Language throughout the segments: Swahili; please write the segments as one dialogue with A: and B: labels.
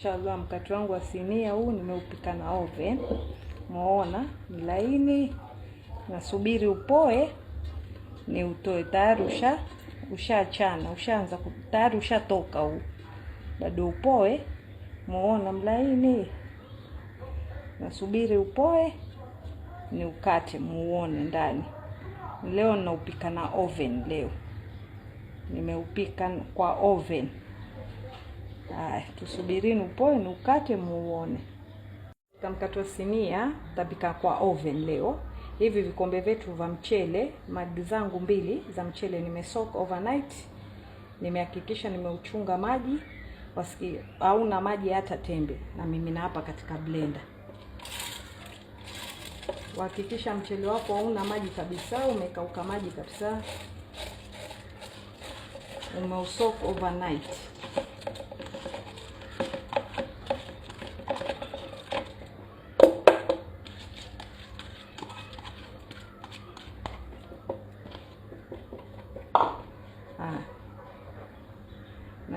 A: Inshallah, mkate wangu wa sinia huu nimeupika na oven, muona ni laini. Nasubiri upoe ni utoe. Tayari usha ushachana, ushaanza tayari, ushatoka huu, bado upoe. Muona mlaini, nasubiri upoe ni ukate, muone ndani. Leo naupika na oven, leo nimeupika kwa oven. Haya, tusubirini upoe ni ukate muuone. Katika mkate wa sinia tabika kwa oven leo. Hivi vikombe vyetu vya mchele, magi zangu mbili za mchele nimesoak overnight. Nimehakikisha nimeuchunga maji wasiki hauna maji hata tembe, na mimi na hapa katika blender. uhakikisha mchele wako hauna maji kabisa, umekauka maji kabisa, umeusoak overnight.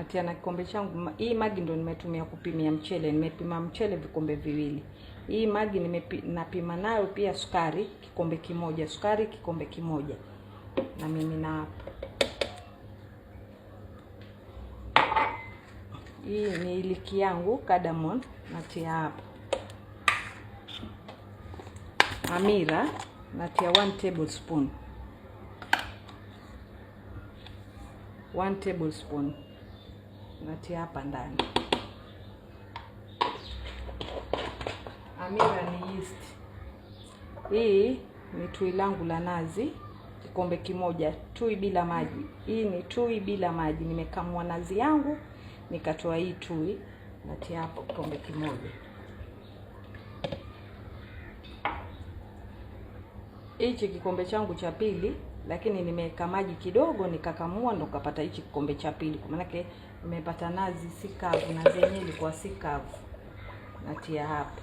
A: natia na kikombe changu. Hii maji ndio nimetumia kupimia mchele, nimepima mchele vikombe viwili. Hii maji nimepi, napima nayo pia sukari kikombe kimoja, sukari kikombe kimoja, na mimi na hapa hii ni iliki yangu cardamom natia hapa, hamira, natia 1 tablespoon 1 tablespoon natia hapa ndani. Amira ni yeast. Hii ni tui langu la nazi kikombe kimoja, tui bila maji. Hii ni tui bila maji, nimekamua nazi yangu nikatoa hii tui, natia hapo kikombe kimoja. Hichi kikombe changu cha pili, lakini nimeweka maji kidogo, nikakamua ndo kapata hichi kikombe cha pili, kwa maanake umepata nazi si kavu, na zenye ilikuwa si kavu. Natia hapa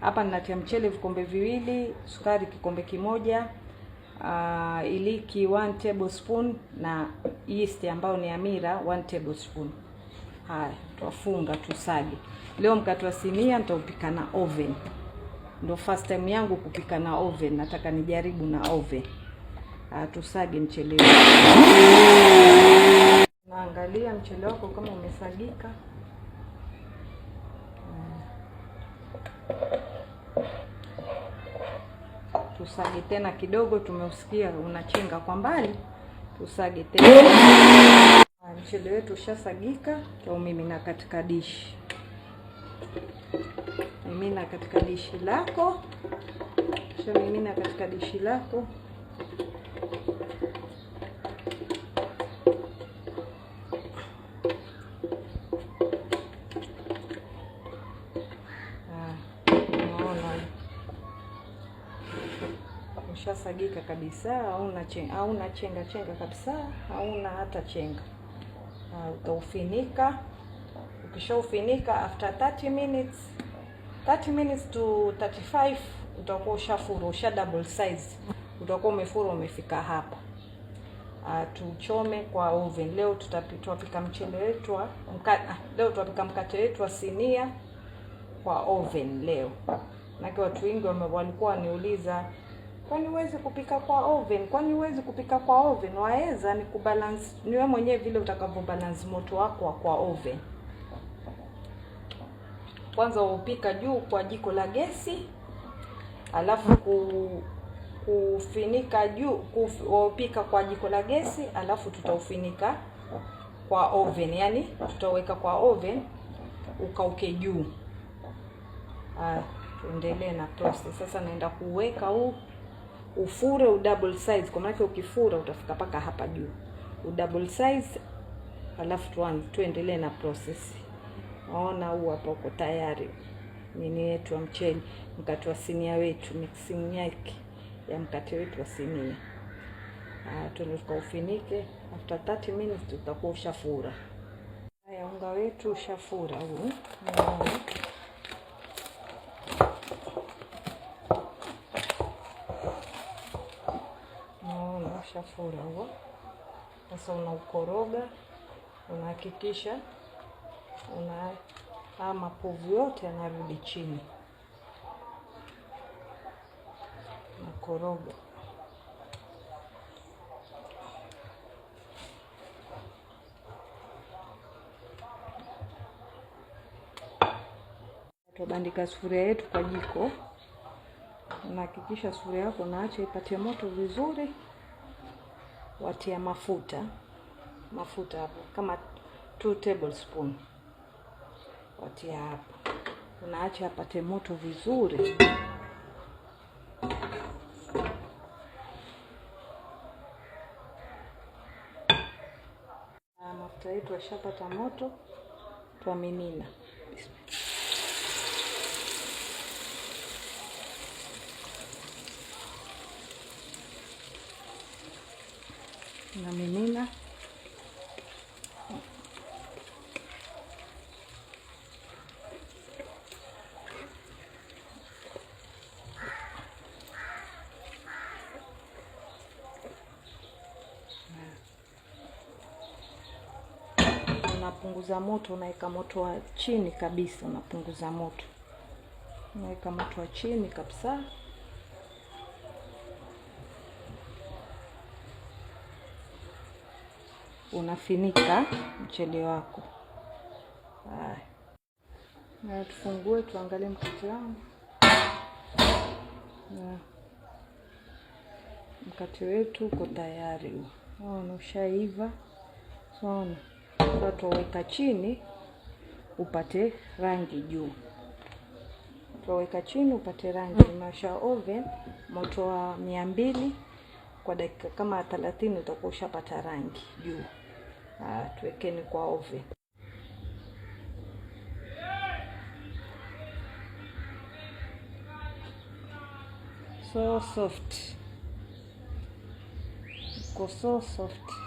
A: hapa, ninatia mchele vikombe viwili, sukari kikombe kimoja, uh, iliki 1 tablespoon na yeast ambayo ni Amira 1 tablespoon. Haya, twafunga tusage. Leo mkate wa sinia nitaupika na oven. Ndio first time yangu kupika na oven, nataka nijaribu na oven tusage mchele naangalia mchele wako kama umesagika. Tusage tena kidogo, tumeusikia unachinga kwa mbali, tusage tena. Mchele wetu ushasagika, taumimina katika dishi, mimina katika dishi lako, shamimina katika dishi lako. umeshasagika kabisa, hauna chenga, hauna chenga chenga kabisa, hauna hata chenga. Uh, utaufinika. Ukishaufinika after 30 minutes 30 minutes to 35 utakuwa ushafuru, usha double size, utakuwa umefuru, umefika hapa. Uh, tuchome kwa oven. Leo tutapika mchele wetu mkate, ah, leo tutapika mkate wetu wa sinia kwa oven leo. Nake watu wengi walikuwa waniuliza Kwani huwezi kupika kwa oven? Kwani huwezi kupika kwa oven? Waweza ni kubalance, ni wewe mwenyewe vile utakavyobalance moto wako wa kwa oven. Kwanza upika juu kwa jiko la gesi, alafu ku kufinika juu kuf, upika kwa jiko la gesi, alafu tutaufinika kwa oven, yani tutaweka kwa oven ukauke juu. Tuendelee na process sasa. Naenda kuweka huu ufure double size, kwa maana ukifura utafika mpaka hapa juu, double size, alafu tuanze tuendelee na process. Naona huu hapa uko tayari, nini yetu wa mchele, mkate wa sinia wetu, mixing yake ya mkate wetu wa sinia. tuende tukaufinike, after 30 minutes tutakuwa ushafura. Haya, unga wetu ushafura huu. utafuna huo. Sasa unaukoroga, unahakikisha una haya mapovu yote yanarudi chini, unakoroga Tabandika sufuria yetu kwa jiko, unahakikisha sufuria yako unaacha ipate moto vizuri watia mafuta mafuta hapo kama 2 tablespoon watia hapo, unaacha apate moto vizuri. Na ah, mafuta yetu yashapata moto, twamimina. namimina unapunguza moto, unaweka moto wa chini kabisa, unapunguza moto, unaweka moto wa chini kabisa. unafinika mchele wako. Haya, na tufungue tuangalie mkate wangu. Mkate wetu uko tayari, unaona ushaiva. Unaona sasa, tuweka chini upate rangi juu twaweka chini upate rangi. Nimewasha oven moto wa mia mbili kwa dakika kama 30, utakuwa ushapata rangi juu na ah, tuwekeni kwa oven. So soft. Iko so soft.